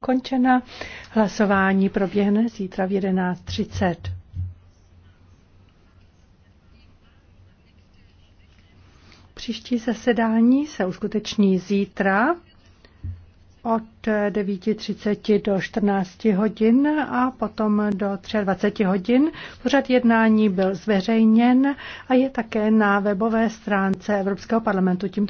Končena. Hlasování proběhne zítra v 11.30. Příští zasedání se uskuteční zítra od 9.30 do 14 hodin a potom do 23 hodin. Pořad jednání byl zveřejněn a je také na webové stránce Evropského parlamentu. Tímto